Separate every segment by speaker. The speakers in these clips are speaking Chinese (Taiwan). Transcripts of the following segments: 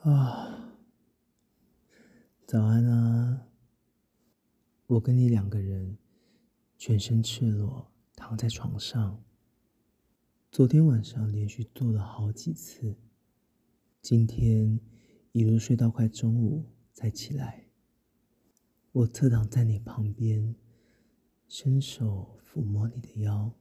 Speaker 1: 啊、哦，早安啊！我跟你兩個人全身赤裸躺在床上。昨天晚上連續做了好幾次，今天一路睡到快中午才起來。我側躺在你旁邊，伸手撫摸你的腰，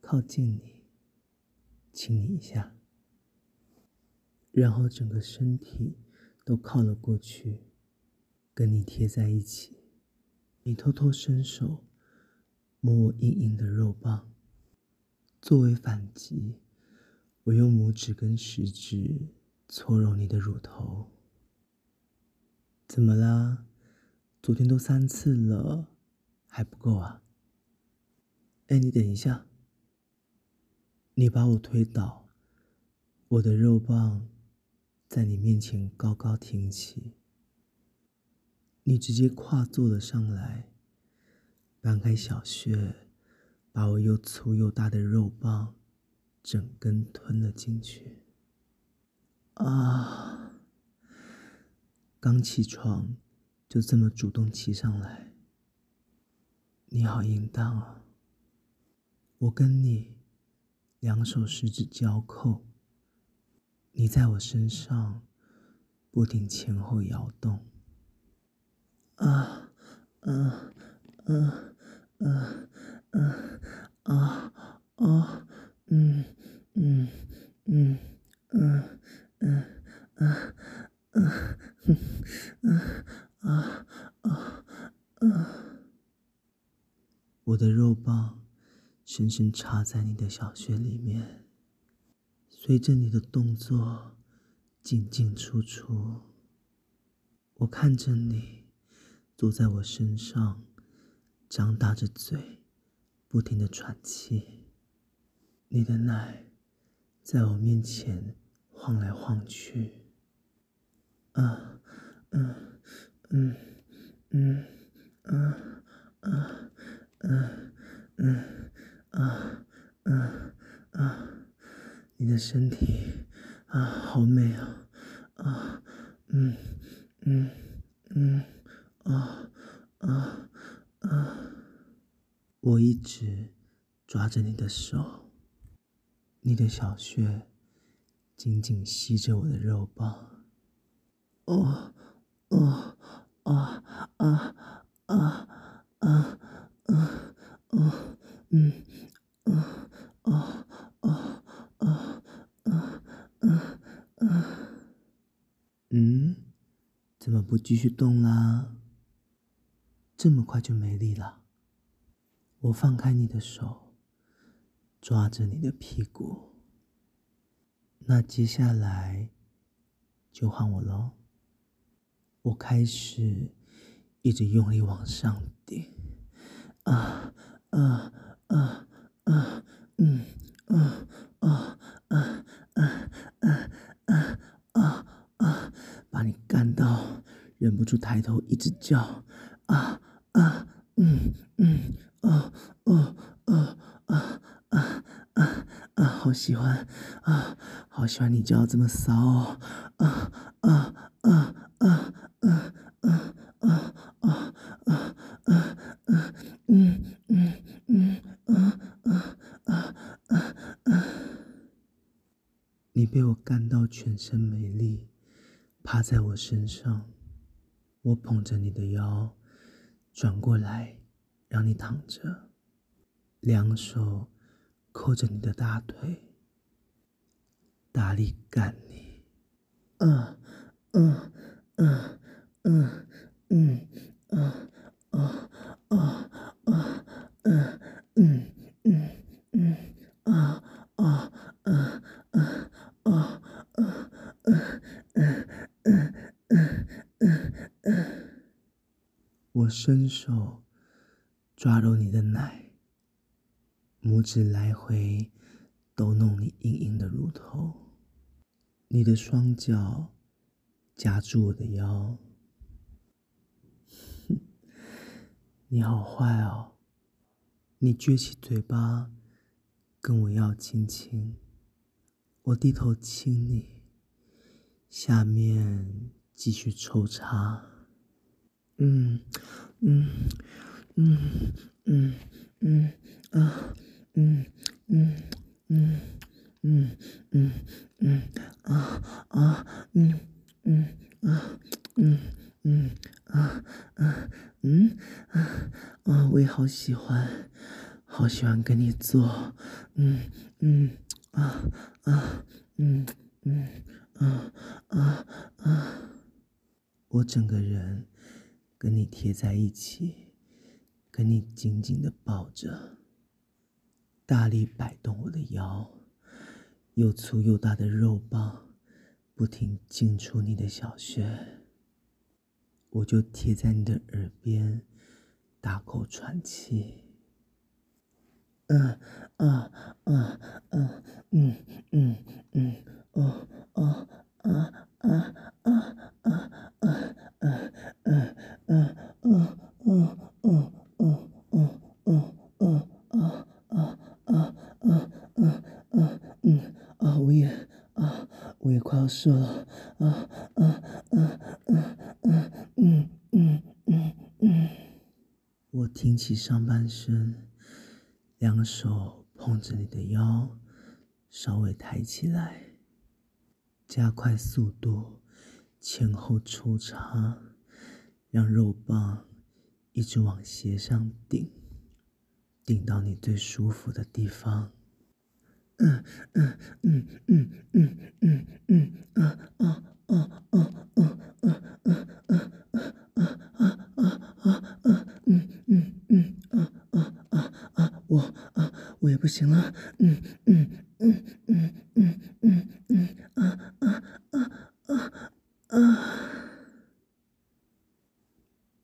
Speaker 1: 靠近你，親你一下。然後整個身體都靠了過去，跟你貼在一起。你偷偷伸手摸我硬硬的肉棒。作為反擊，我用拇指跟食指搓揉你的乳頭。怎麼啦？昨天都三次了，還不夠啊？哎，你等一下，你把我推倒，我的肉棒。在你面前高高挺起，你直接跨坐了上來，搬開小穴，把我又粗又大的肉棒，整根吞了進去。啊！剛起床，就這麼主動騎上來，你好淫蕩啊！我跟你，兩手十指交扣。你在我身上不停前後搖動，
Speaker 2: 啊，嗯，嗯，嗯，嗯，嗯，啊，啊，嗯，嗯，嗯，嗯，嗯，嗯，嗯，嗯，啊，
Speaker 1: 啊，啊，我的肉棒深深插在你的小穴裡面。隨着你的動作進進出出，我看着你坐在我身上，張大着嘴，不停的喘氣。你的奶在我面前晃來晃去，啊，嗯，嗯，嗯，嗯，啊，
Speaker 2: 啊，嗯，嗯，啊，啊，嗯，啊，啊。啊你的身體啊，好美啊，啊，嗯，嗯，嗯，
Speaker 1: 啊，啊，啊，我一直抓着你的手，你的小穴緊緊吸着我的肉棒，哦，哦。嗯，怎麼不繼續動啦？這麼快就沒力了。我放開你的手，抓着你的屁股。那接下來就換我嘍。我開始一直用力往上頂。啊啊啊！啊不住抬頭，一直叫，啊啊，嗯嗯，哦哦哦啊啊啊啊，好喜歡，啊好喜歡你叫這麼騷哦，啊啊啊啊啊啊啊啊啊啊啊嗯嗯嗯啊啊啊啊，你被我幹到全身沒力，趴在我身上。我捧着你的腰，轉過來，讓你躺着，兩手扣着你的大腿，大力幹你，嗯，嗯。伸手抓住你的奶，拇指來回抖弄你硬硬的乳頭，你的雙腳夾住我的腰， 你好壞哦！你撅起嘴巴跟我要親親，我低頭親你，下面繼續抽插。
Speaker 2: 嗯嗯嗯嗯嗯啊嗯嗯
Speaker 1: 嗯嗯嗯嗯啊啊嗯嗯啊嗯嗯啊啊啊啊！我也好喜歡，好喜歡跟你做，嗯嗯啊啊嗯嗯啊啊啊！我整個人。跟你貼在一起，跟你緊緊地抱着，大力擺動我的腰，又粗又大的肉棒不停進出你的小穴，我就貼在你的耳邊大口喘氣，嗯嗯嗯嗯嗯嗯嗯哦。身兩手碰着你的腰，稍微抬起來，加快速度，前後抽插，讓肉棒一直往斜上頂，頂到你最舒服的地方。嗯
Speaker 2: 嗯嗯嗯嗯嗯嗯嗯嗯嗯嗯嗯嗯嗯。不行了，嗯嗯嗯嗯嗯嗯嗯啊啊啊啊啊！啊啊啊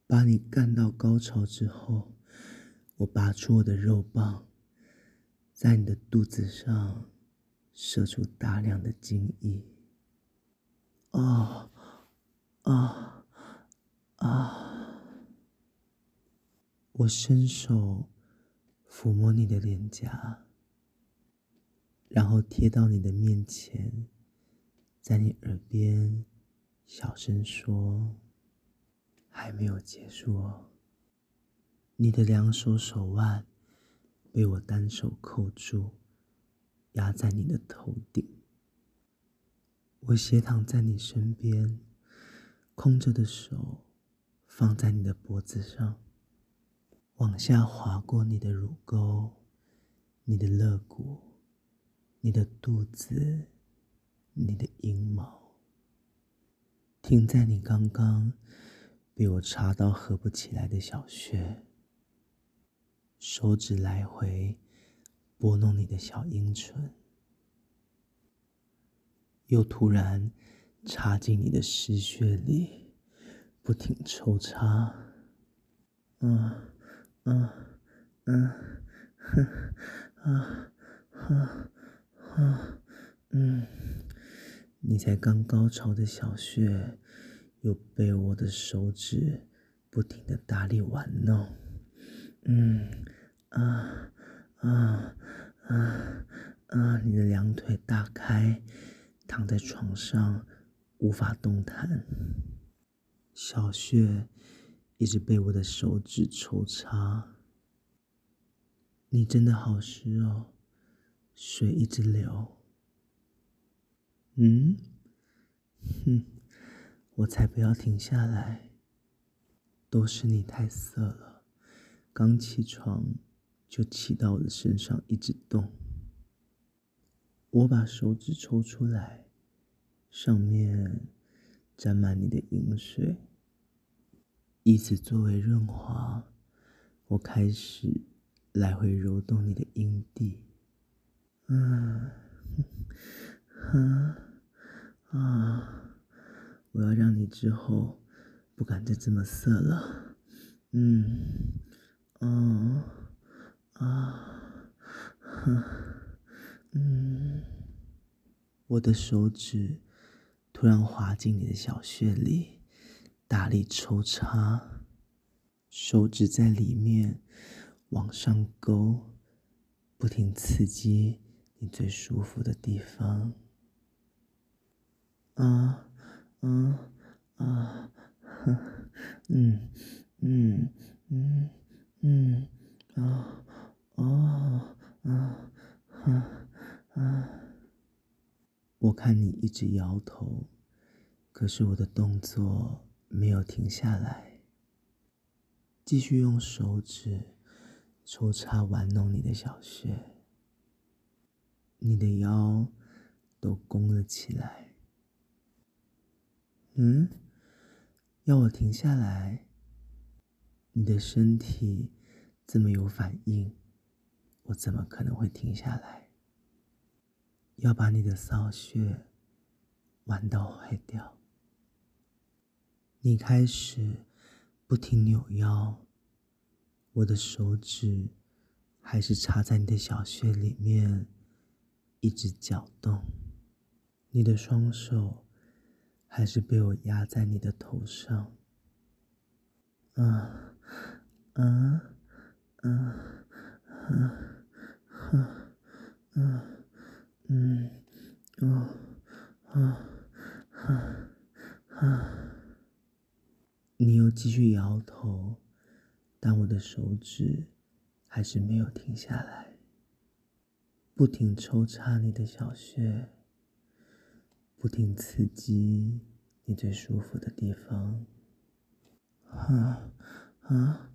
Speaker 1: 把你幹到高潮之後，我拔出我的肉棒，在你的肚子上射出大量的精液。啊啊啊！我伸手。撫摸你的臉頰，然後貼到你的面前，在你耳邊小聲說：“還沒有結束哦。”你的兩手手腕被我單手扣住，壓在你的頭頂。我斜躺在你身邊，空着的手放在你的脖子上。往下滑過你的乳溝，你的肋骨，你的肚子，你的陰毛，停在你剛剛被我插到合不起來的小穴，手指來回撥弄你的小陰唇，又突然插進你的濕穴裡，不停抽插，嗯啊、哦，嗯，哼，啊、哦，啊、哦，啊、哦，嗯，你在剛高潮的小穴，又被我的手指不停地大力玩弄，嗯，啊，啊，啊，啊，你的兩腿大開，躺在床上無法動彈，嗯、小穴。一直被我的手指抽插，你真的好濕哦，水一直流。嗯，哼，我才不要停下來。都是你太色了，剛起床就騎到我的身上一直動。我把手指抽出來，上面沾滿你的淫水。以此作為潤滑，我開始來回揉動你的陰蒂，嗯，哼，啊，我要讓你之後不敢再這麼色了，嗯，哦，啊，哼，嗯，我的手指突然滑進你的小穴裡。大力抽插，手指在裡面往上勾，不停刺激你最舒服的地方。啊，啊，啊，嗯，嗯，嗯，嗯，啊，哦，
Speaker 2: 啊，啊，
Speaker 1: 啊。我看你一直搖頭，可是我的動作。沒有停下來，繼續用手指抽插玩弄你的小穴，你的腰都弓了起來。嗯，要我停下來？你的身體這麼有反應，我怎麼可能會停下來？要把你的騷穴玩到壞掉。你開始不停扭腰，我的手指還是插在你的小穴裡面，一直攪動。你的雙手還是被我壓在你的頭上。啊，啊，啊，啊。手指還是沒有停下來，不停抽插你的小穴，不停刺激你最舒服的地方，啊啊！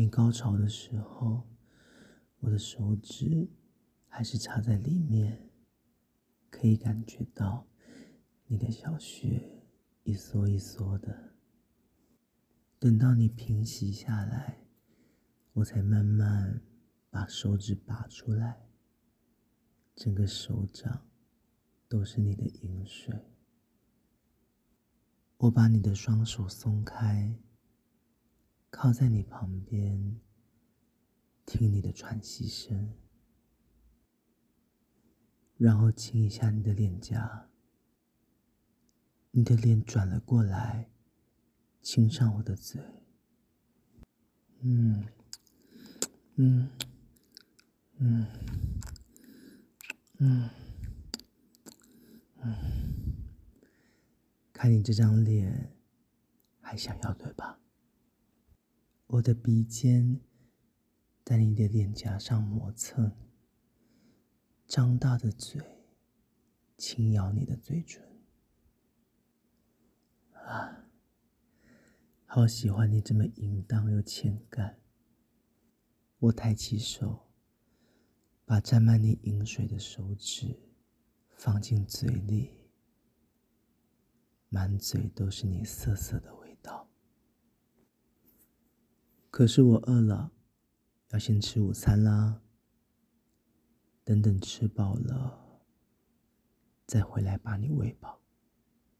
Speaker 1: 你高潮的時候，我的手指還是插在裡面，可以感覺到你的小穴一縮一縮的。等到你平息下來，我才慢慢把手指拔出來，整個手掌都是你的淫水。我把你的雙手鬆開。靠在你旁邊，聽你的喘息聲，然後親一下你的臉頰。你的臉轉了過來，親上我的嘴。嗯，嗯，嗯，嗯，嗯，看你這張臉，還想要對吧？我的鼻尖在你的臉頰上磨蹭，張大的嘴輕咬你的嘴唇，啊，好喜歡你這麼淫蕩又欠幹。我抬起手，把沾滿你淫水的手指放進嘴裡，滿嘴都是你澀澀的味道。可是我餓了，要先吃午餐啦。等等吃飽了，再回來把你餵飽。